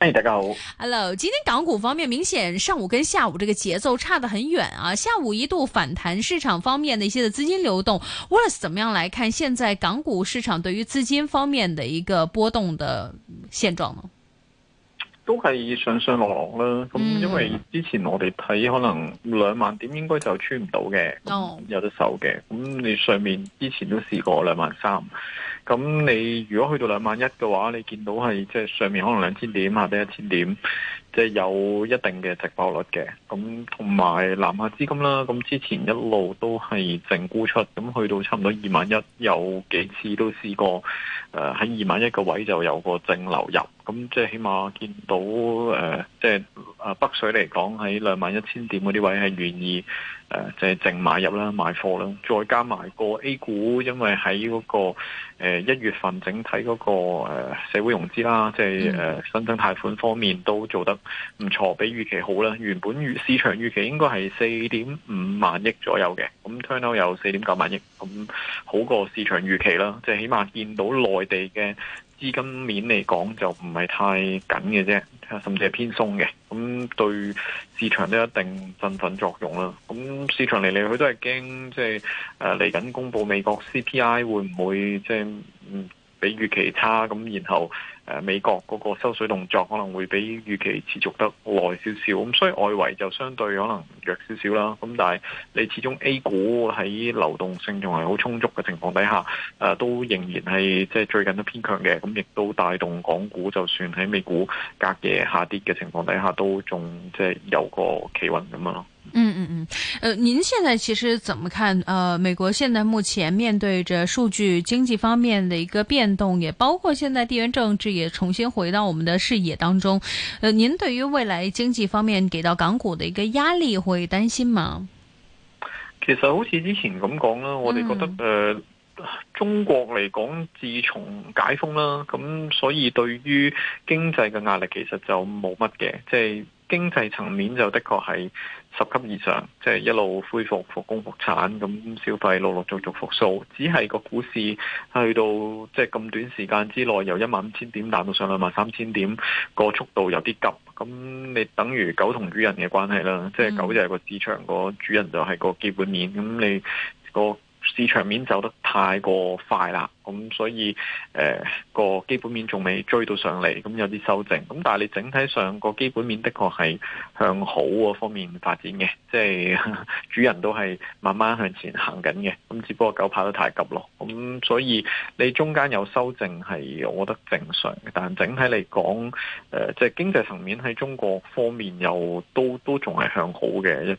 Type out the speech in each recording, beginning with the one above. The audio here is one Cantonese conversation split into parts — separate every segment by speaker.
Speaker 1: Hey, 大家好
Speaker 2: ，Hello，今天港股方面明顯上午跟下午這個節奏差得很遠啊，下午一度反彈，市場方面的一些的資金流動，Wallace 怎麼樣來看？現在港股市場對於資金方面的一個波動的現狀呢？
Speaker 1: 都係一上上落落啦，咁因為之前我哋睇可能兩萬點應該就穿唔到嘅，嗯、有得守嘅，咁你上面之前都試過兩萬三。咁你如果去到兩萬一嘅話，你見到係即係上面可能兩千點或者一千點，即係、就是、有一定嘅值博率嘅。咁同埋南下資金啦，咁之前一路都係淨沽出，咁去到差唔多二萬一，有幾次都試過，誒喺二萬一個位就有個淨流入。咁即係起碼見到誒，即係啊北水嚟講喺兩萬一千點嗰啲位係願意誒，即、呃、係、即係、淨買入啦、買貨啦，再加埋個 A 股，因為喺嗰、嗰個一、呃、月份整體嗰、嗰個、呃、社會融資啦，即係誒新增貸款方面都做得唔錯，比預期好啦。原本預市場預期應該係四點五萬億左右嘅，咁 turn out 有四點九萬億，咁好過市場預期啦。即係起碼見到內地嘅資金面嚟講就唔係太緊嘅啫，甚至係偏鬆嘅，咁對市場都有一定振奮作用啦。咁市場嚟嚟去都係驚，即係誒嚟緊公佈美國 CPI 會唔會即係嗯比預期差？咁，然後。誒美國嗰個收水動作可能會比預期持續得耐少少，咁所以外圍就相對可能弱少少啦。咁但係你始終 A 股喺流動性仲係好充足嘅情況底下，誒都仍然係即係最近都偏強嘅，咁亦都帶動港股就算喺美股隔夜下跌嘅情況底下，都仲即係有個企穩咁樣。嗯嗯嗯，誒、
Speaker 2: 呃、您現在其實怎麼看？誒、呃、美國現在目前面對着數據、經濟方面嘅一個變動，也包括現在地緣政治，也重新回到我們的視野當中，呃，您對於未來經濟方面給到港股的一個壓力會擔心嗎？
Speaker 1: 其實好似之前咁講啦，我哋覺得，誒，嗯，呃，中國嚟講自從解封啦，咁所以對於經濟嘅壓力其實就冇乜嘅，即係經濟層面就的確係。拾級而上，即係一路恢復復工復產，咁消費陸陸續續復甦。只係個股市去到即係咁短時間之內由一萬五千點彈到上兩萬三千點，個速度有啲急，咁你等於狗同主人嘅關係啦，即係狗就係個市場、個主人，就係個基本面，咁你、個。市場面走得太過快啦，咁所以誒個、呃、基本面仲未追到上嚟，咁有啲修正。咁但係你整體上個基本面的確係向好嗰方面發展嘅，即、就、係、是、 主人都係慢慢向前行緊嘅。咁只不過狗跑得太急咯，咁所以你中間有修正係，我覺得正常嘅。但係整體嚟講，誒即係經濟層面喺中國方面又都都仲係向好嘅一面。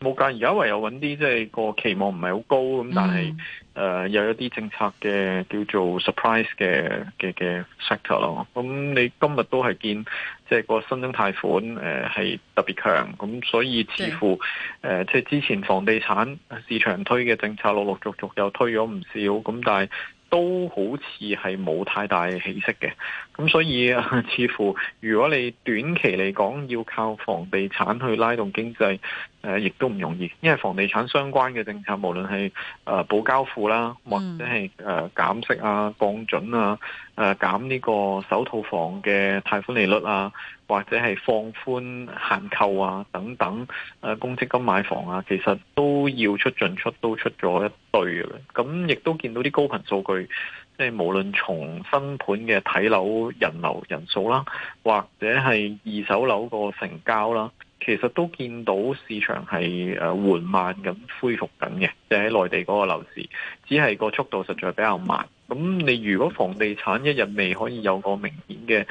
Speaker 1: 冇計，而家唯有揾啲即係個期望唔係好高咁，但係誒有一啲政策嘅叫做 surprise 嘅嘅嘅 sector 咯。咁你今日都係見即係、就是、個新增貸款誒係、呃、特別強，咁所以似乎誒即係之前房地產市場推嘅政策，陸陸續續又推咗唔少，咁但係。都好似係冇太大起色嘅，咁所以似乎如果你短期嚟講要靠房地產去拉動經濟。誒，亦都唔容易，因為房地產相關嘅政策，無論係誒保交付啦，或者係誒減息啊、降準啊、誒減呢個首套房嘅貸款利率啊，或者係放寬限購啊等等，誒公積金買房啊，其實都要出進出都出咗一堆嘅。咁亦都見到啲高頻數據，即係無論從新盤嘅睇樓人流人數啦，或者係二手樓個成交啦。其實都見到市場係誒緩慢咁恢復緊嘅，即係喺內地嗰個樓市，只係個速度實在比較慢。咁你如果房地產一日未可以有個明顯嘅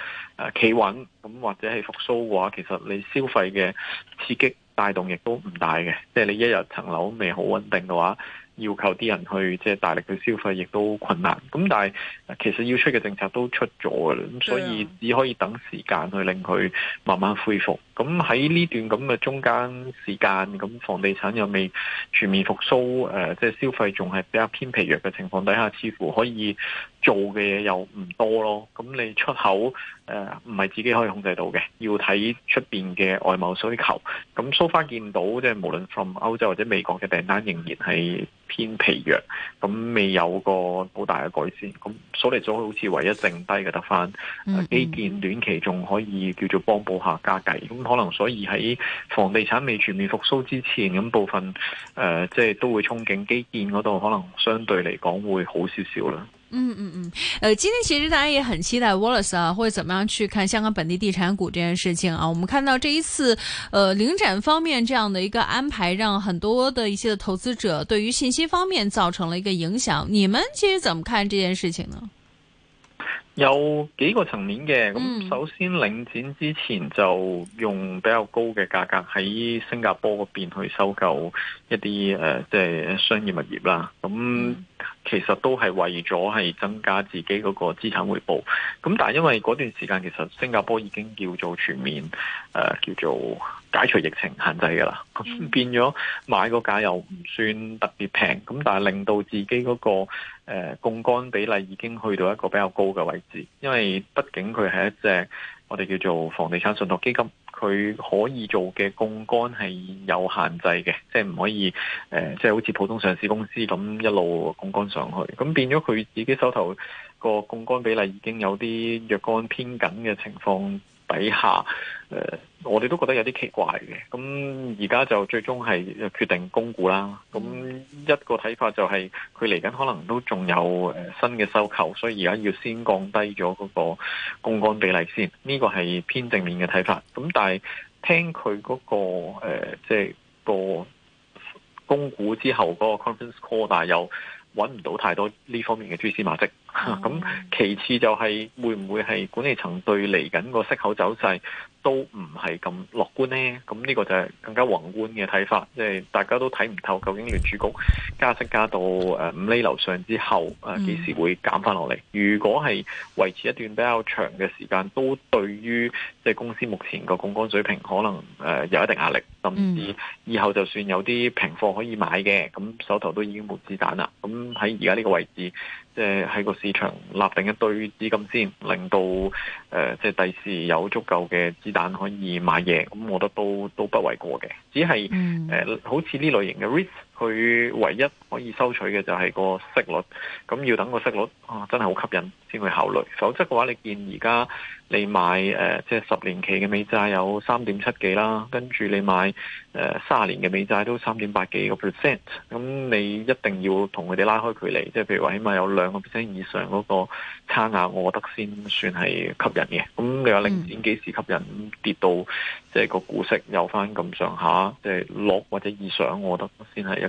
Speaker 1: 誒企穩，咁或者係復甦嘅話，其實你消費嘅刺激帶動亦都唔大嘅。即係你一日層樓未好穩定嘅話，要求啲人去即係大力去消費，亦都困難。咁但係其實要出嘅政策都出咗嘅喇，咁所以只可以等時間去令佢慢慢恢復。咁喺呢段咁嘅中間時間，咁房地產又未全面復甦，誒，即係消費仲係比較偏疲弱嘅情況底下，似乎可以做嘅嘢又唔多咯。咁你出口誒唔係自己可以控制到嘅，要睇出面嘅外貿需求。咁 so far 見到，即係無論從歐洲或者美國嘅訂單，仍然係偏疲弱，咁未有個好大嘅改善。咁數嚟咗好似唯一剩低嘅得翻基建短期，仲可以叫做幫補下加計。可能所以喺房地產未全面復甦之前，咁部分誒、呃，即係都會憧憬基建嗰度，可能相對嚟講會好少少啦。嗯嗯
Speaker 2: 嗯，誒、嗯呃，今天其實大家也很期待 Wallace 啊，會怎麼樣去看香港本地地產股這件事情啊？我們看到這一次，誒、呃，領展方面這樣的一個安排，讓很多的一些的投資者對於信息方面造成了一個影響。你們其實怎麼看這件事情呢？
Speaker 1: 有幾個層面嘅，咁首先領展之前就用比較高嘅價格喺新加坡嗰邊去收購一啲誒，即係商業物業啦，咁，其實都係為咗係增加自己嗰個資產回報，咁但係因為嗰段時間其實新加坡已經叫做全面誒、呃、叫做解除疫情限制噶啦，咁、嗯、變咗買個價又唔算特別平，咁但係令到自己嗰、嗰個誒槓桿比例已經去到一個比較高嘅位置，因為畢竟佢係一隻。我哋叫做房地產信託基金，佢可以做嘅槓桿係有限制嘅，即係唔可以，即、呃、係、就是、好似普通上市公司咁一路槓桿上去，咁變咗佢自己手頭個槓桿比例已經有啲若干偏緊嘅情況底下。誒、uh,，我哋都覺得有啲奇怪嘅，咁而家就最終係決定供股啦。咁一個睇法就係佢嚟緊可能都仲有誒新嘅收購，所以而家要先降低咗嗰個槓桿比例先。呢、這個係偏正面嘅睇法。咁但係聽佢嗰、那個誒、即、呃、係、就是、個供股之後嗰個 conference call，但係又搵唔到太多呢方面嘅蛛絲馬跡。咁、嗯、其次就係會唔會係管理層對嚟緊個息口走勢都唔係咁樂觀呢？咁呢個就係更加宏觀嘅睇法，即、就、係、是、大家都睇唔透究竟聯儲局加息加到誒五厘樓上之後誒幾時會減翻落嚟？如果係維持一段比較長嘅時間，都對於即係公司目前個槓杆水平可能誒有一定壓力，甚至以後就算有啲平貨可以買嘅，咁手頭都已經冇子彈啦。咁喺而家呢個位置。即係喺個市場立定一堆資金先，令到誒即係第時有足夠嘅子彈可以買嘢，咁我覺得都都不為過嘅，只係誒好似呢類型嘅 risk。佢唯一可以收取嘅就係個息率，咁要等個息率啊，真係好吸引先去考慮，否則嘅話你見而家你買誒、呃、即係十年期嘅美債有三點七幾啦，跟住你買誒卅、呃、年嘅美債都三點八幾個 percent，咁你一定要同佢哋拉開距離，即係譬如話起碼有兩個 percent 以上嗰、個差額我覺得先算係吸引嘅。咁你話零點幾時吸引？跌到即係個股息有翻咁上下，即係落或者以上，我覺得先係一。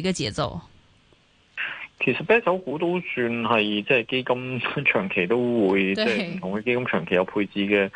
Speaker 1: 個節奏其實白酒股都算係，即係基金長期都會，對，即係唔同嘅基金長期有配置嘅。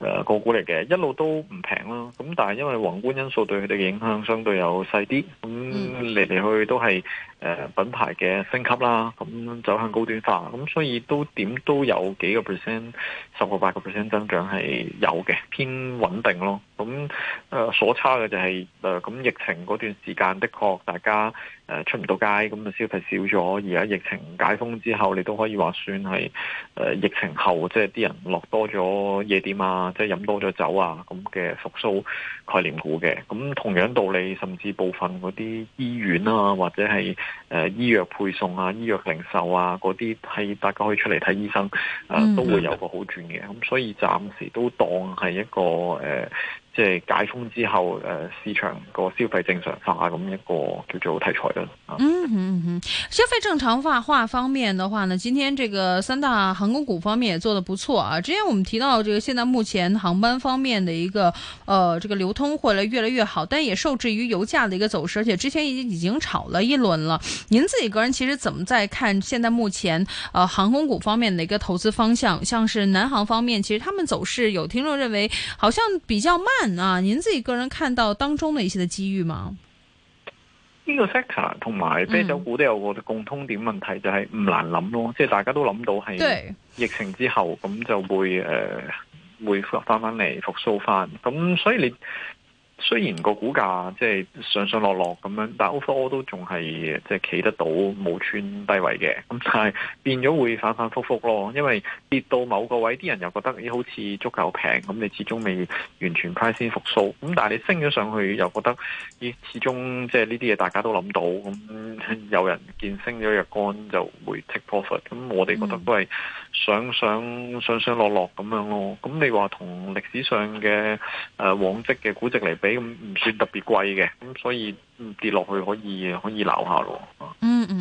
Speaker 1: 誒，個股嚟嘅一路都唔平啦，咁但係，因為宏觀因素對佢哋影響相對有細啲，咁嚟嚟去去都係誒品牌嘅升級啦，咁走向高端化，咁所以都點都有幾個 percent，十個八個 percent 增長係有嘅，偏穩定咯。咁誒所差嘅就係誒咁疫情嗰段時間的確大家誒出唔到街，咁啊消費少咗，而家疫情解封之後，你都可以話算係誒疫情後，即係啲人落多咗夜店啊。即係飲多咗酒啊，咁嘅復蘇概念股嘅，咁同樣道理，甚至部分嗰啲醫院啊，或者係。誒、呃，醫藥配送啊，醫藥零售啊，嗰啲係大家可以出嚟睇醫生，啊、呃、都會有個好轉嘅。咁、嗯嗯、所以暫時都當係一個誒、呃，即係解封之後誒、呃，市場個消費正常化咁一個叫做題材啦、啊。嗯哼嗯嗯，
Speaker 2: 消費正常化化方面嘅話呢，今天這個三大航空股方面也做得不錯啊。之前我們提到，這個現在目前航班方面的一個，呃，這個流通會越來越好，但也受制於油價嘅一個走勢，而且之前已經已經炒了一輪了。您自己個人其實怎麼在看現在目前，呃，航空股方面的一個投資方向，像是南航方面，其實他們走勢有聽眾認為好像比較慢啊，您自己個人看到當中的一些的機遇嗎？呢、這個
Speaker 1: sector 同埋啤酒股都有個共通點問題，嗯、就係、是、唔難諗咯，即係大家都諗到係疫情之後咁就會誒、呃、會翻翻嚟復甦翻，咁所以你。雖然個股價即係上上落落咁樣，但 overall 都仲係即係企得到冇穿低位嘅，咁就係變咗會反反覆覆覆咯。因為跌到某個位，啲人又覺得咦好似足夠平，咁你始終未完全 price 先復甦。咁但你升咗上去，又覺得咦始終即係呢啲嘢大家都諗到，咁有人見升咗若干就會 take profit。咁我哋覺得都係上上上上落落咁樣咯。咁你話同歷史上嘅誒、啊、往績嘅估值嚟比？咁唔算特別貴嘅，咁所以跌落去可以可以留下咯。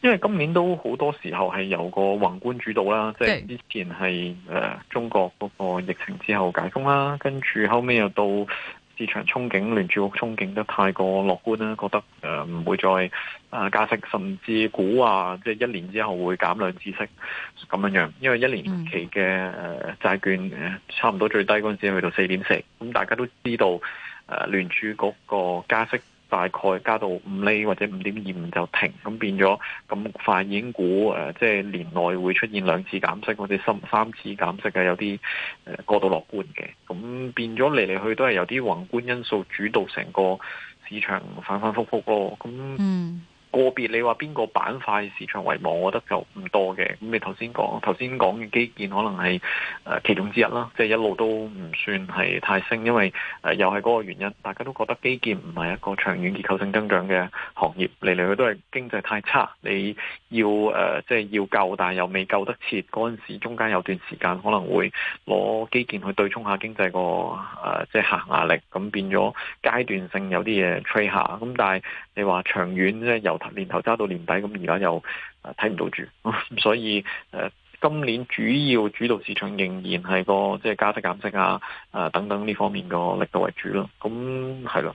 Speaker 1: 因為今年都好多時候係由個宏觀主導啦，即係之前係誒中國嗰個疫情之後解封啦，跟住後尾又到市場憧憬，聯儲局憧憬得太過樂觀啦，覺得誒唔會再加息，甚至估啊即係一年之後會減兩支息咁樣樣。因為一年期嘅誒債券差唔多最低嗰陣時去到四點四，咁大家都知道誒聯儲個加息。大概加到五厘或者五點二五就停，咁變咗咁快，已經估、呃、即係年內會出現兩次減息或者三三次減息嘅，有啲誒、呃、過度樂觀嘅，咁變咗嚟嚟去都係由啲宏觀因素主導成個市場反反覆覆咯。咁嗯。個別你話邊個板塊市場為望，我覺得就唔多嘅。咁你頭先講，頭先講嘅基建可能係誒其中之一啦，即係一路都唔算係太升，因為誒又係嗰個原因，大家都覺得基建唔係一個長遠結構性增長嘅行業，嚟嚟去都係經濟太差你。要誒、呃，即係要救，但係又未救得切，嗰陣時中間有段時間可能會攞基建去對沖下經濟個誒、呃，即係行壓力，咁變咗階段性有啲嘢吹下，咁但係你話長遠咧，即係由年頭揸到年底，咁而家又睇唔、呃、到住，所以誒、呃、今年主要主導市場仍然係個即係加息減息啊，呃、等等呢方面個力度為主咯，咁係啦，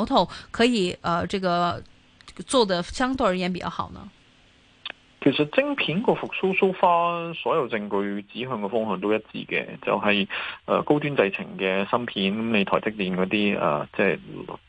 Speaker 2: 頭台可以呃，這個、這個、做得相對而言比較好呢。
Speaker 1: 其實晶片個復甦 so far，所有證據指向嘅方向都一致嘅，就係、是、誒高端製程嘅芯片，咁你台積電嗰啲誒，即、就、係、是、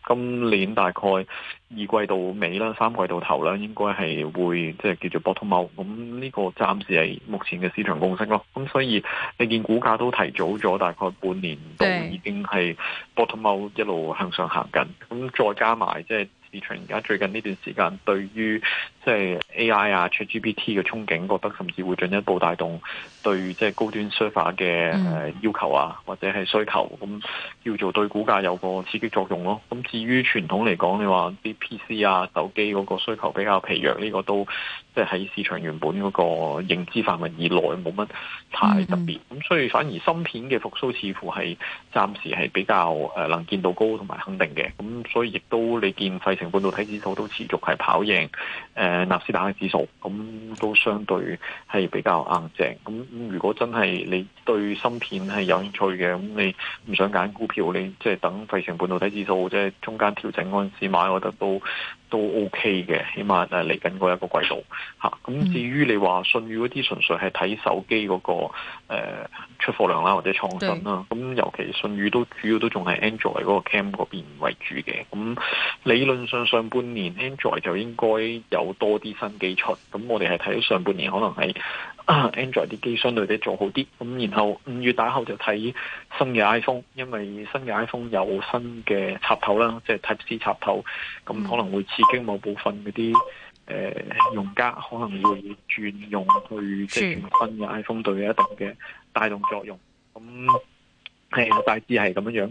Speaker 1: 今年大概二季度尾啦，三季度頭啦，應該係會即係叫做 bottom out。咁呢個暫時係目前嘅市場共識咯。咁所以你見股價都提早咗大概半年都已經係 bottom out 一路向上行緊，咁再加埋即係。而家最近呢段時間，對於即係 A.I. 啊，ChatGPT 嘅憧憬，覺得甚至會進一步帶動對即係高端 server 嘅誒要求啊，或者係需求，咁叫做對股價有個刺激作用咯。咁至於傳統嚟講，你話啲 P.C. 啊、手機嗰、啊那個需求比較疲弱，呢、這個都即係喺市場原本嗰個認知範圍以內，冇乜太特別。咁所以反而芯片嘅復甦似乎係暫時係比較誒能見度高同埋肯定嘅。咁所以亦都你電費。半導體指數都持續係跑贏，誒納斯達克指數，咁都相對係比較硬淨。咁如果真係你對芯片係有興趣嘅，咁你唔想揀股票，你即係等費城半導體指數，即係中間調整嗰陣時買，我覺得都。都 OK 嘅，起碼嚟緊嗰一個季度。咁至於你話信宇嗰啲，純粹係睇手機嗰、那個、呃、出貨量啦，或者創新啦。咁尤其信宇都主要都仲係 Android 嗰個 Cam 嗰邊為主嘅。咁理論上上半年 Android 就應該有多啲新機出。咁我哋係睇上半年可能係、嗯、 Android 啲機相對啲做好啲。咁然後五月打後就睇新嘅 iPhone，因為新嘅 iPhone 有新嘅插頭啦，即、就、係、是、Type C 插頭，咁可能會已經某部分嗰啲誒用家可能會轉用去，即係平均嘅 iPhone 對一定嘅帶動作用，咁係、呃、大致係咁樣樣。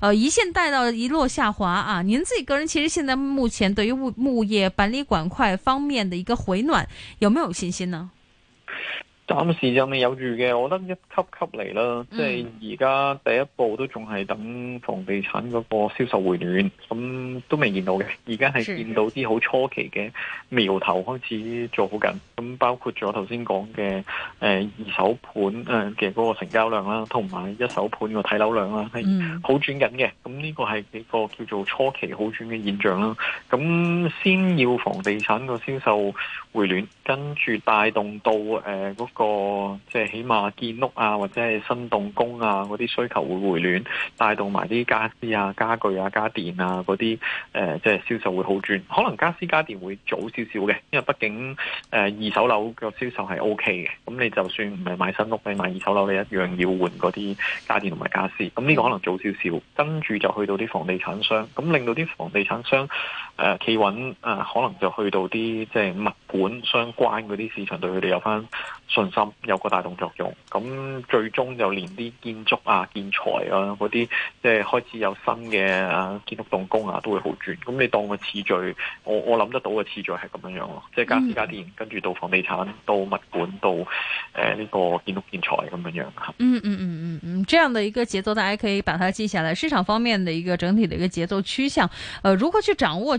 Speaker 2: 呃，一線帶到一落下滑啊！您自己個人其實現在目前對於物業板裏板塊方面的一個回暖，有沒有信心呢？
Speaker 1: 暫時就未有住嘅，我覺得一級級嚟啦，即係而家第一步都仲係等房地產嗰個銷售回暖，咁、嗯、都未見到嘅，而家係見到啲好初期嘅苗頭開始做好緊，咁包括咗頭先講嘅誒二手盤誒嘅嗰個成交量啦，同埋一手盤、嗯、個睇樓量啦，係好轉緊嘅，咁呢個係一個叫做初期好轉嘅現象啦，咁先要房地產個銷售回暖。跟住帶動到誒嗰個，即係起碼建屋啊，或者係新動工啊，嗰啲需求會回暖，帶動埋啲家私啊、家具啊、家電啊嗰啲誒，即係銷售會好轉。可能家私家電會早少少嘅，因為畢竟、呃、二手樓嘅銷售係 OK 嘅。咁你就算唔係買新屋，你買二手樓，你一樣要換嗰啲家電同埋家私。咁呢個可能早少少，跟住就去到啲房地產商，咁令到啲房地產商，企、呃、穩、呃、可能就去到啲即係物管相關嗰啲市場，對佢哋有翻信心，有個大動作用。咁最終就連啲建築啊、建材啊嗰啲，即係開始有新嘅建築動工啊，都會好轉。咁你當個次序，我我諗得到嘅次序係咁樣樣咯，即係家私家電，跟、嗯、住到房地產、到物管、到誒呢、呃這個建築建材咁樣樣。嗯嗯嗯
Speaker 2: 嗯嗯，這樣的一個節奏大家可以把它記下來，市場方面的一個整體的一個節奏趨向，誒、呃，如何去掌握？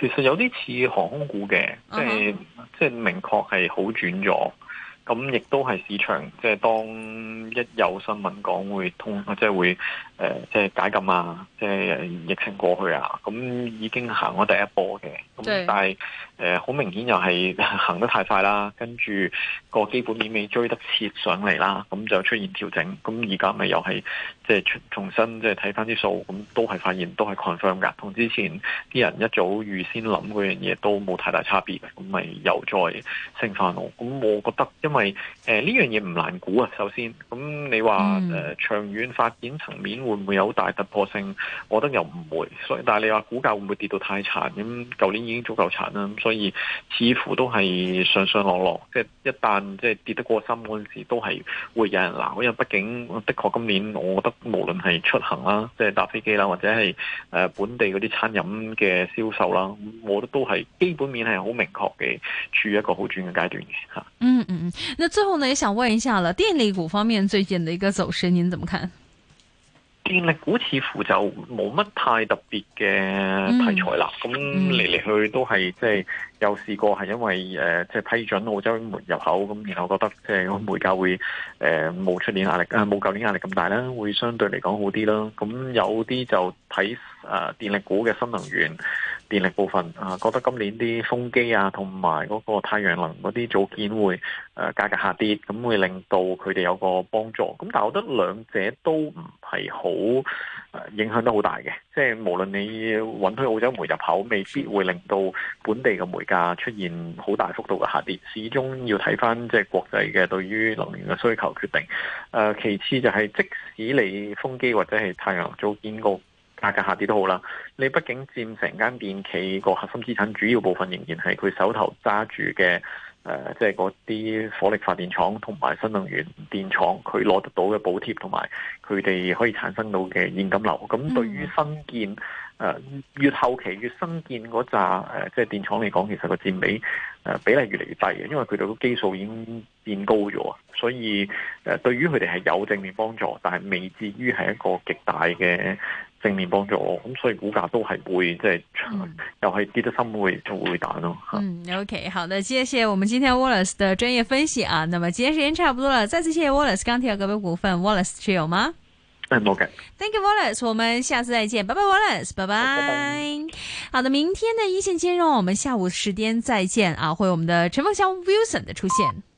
Speaker 1: 其實有啲似航空股嘅，即係、uh-huh. 即係明確係好轉咗，咁亦都係市場即係當一有新聞講會通，即係會誒、呃、即係解禁啊，即係疫情過去啊，咁已經行咗第一波嘅。嗯、但係，好、呃、明顯又係行得太快啦，跟住個基本面未追得切上嚟啦，咁、嗯、就出現調整。咁而家咪又係即係重新即係睇翻啲數，咁、嗯、都係發現都係 confirm 㗎，同之前啲人一早預先諗嗰樣嘢都冇太大差別，咁、嗯、咪、嗯、又再升翻我，咁我覺得，因為呢、呃、樣嘢唔難估啊。首先，咁你話誒、嗯呃、長遠發展層面會唔會有大突破性？我覺得又唔會。所以，但係你話股價會唔會跌到太殘？咁舊年。已經足夠殘啦，所以似乎都係上上落落。即係一旦即係跌得過深嗰陣時，都係會有人鬧。因為畢竟的確今年，我覺得無論係出行啦，即係搭飛機啦，或者係誒本地嗰啲餐飲嘅銷售啦，我都都係基本面係好明確嘅，處於一個好轉嘅階段嘅吓。嗯嗯
Speaker 2: 嗯，那最後呢，也想問一下啦，電力股方面最近的一個走勢，您怎麼看？
Speaker 1: 電力股似乎就冇乜太特別嘅題材啦，咁嚟嚟去去都係即係。有試過係因為誒即係批准澳洲煤入口咁，然後覺得即係煤價會誒冇出年壓力啊，冇舊年壓力咁大啦，會相對嚟講好啲咯。咁有啲就睇誒電力股嘅新能源電力部分啊，覺得今年啲風機啊同埋嗰個太陽能嗰啲組件會誒價格下跌，咁會令到佢哋有個幫助。咁但係我覺得兩者都唔係好。影響都好大嘅，即係無論你允許澳洲煤入口，未必會令到本地嘅煤價出現好大幅度嘅下跌。始終要睇翻即係國際嘅對於能源嘅需求決定。誒、呃，其次就係即使你風機或者係太陽能組件個價格下跌都好啦，你畢竟佔成間電企個核心資產主要部分，仍然係佢手頭揸住嘅。誒、呃，即係嗰啲火力發電廠同埋新能源電廠，佢攞得到嘅補貼同埋佢哋可以產生到嘅現金流，咁對於新建誒、呃、越後期越新建嗰扎誒即係電廠嚟講，其實個佔比誒比例越嚟越低嘅，因為佢哋個基數已經變高咗啊，所以誒、呃、對於佢哋係有正面幫助，但係未至於係一個極大嘅。正面幫助我，咁所以股價都係會即係、嗯、又係跌得深會就會打咯嗯
Speaker 2: ，OK，好的，謝謝我們今天 Wallace 的專業分析啊。那麼今天時間差不多了，再次謝謝 Wallace，剛提嘅嗰份股份 Wallace 持有嗎
Speaker 1: ？OK，Thank
Speaker 2: you Wallace，我們下次再見，拜拜，Wallace，拜拜，拜拜。好的，明天的一線金融，我們下午十點再見啊！會有我們的陳鳳霄 Wilson 的出現。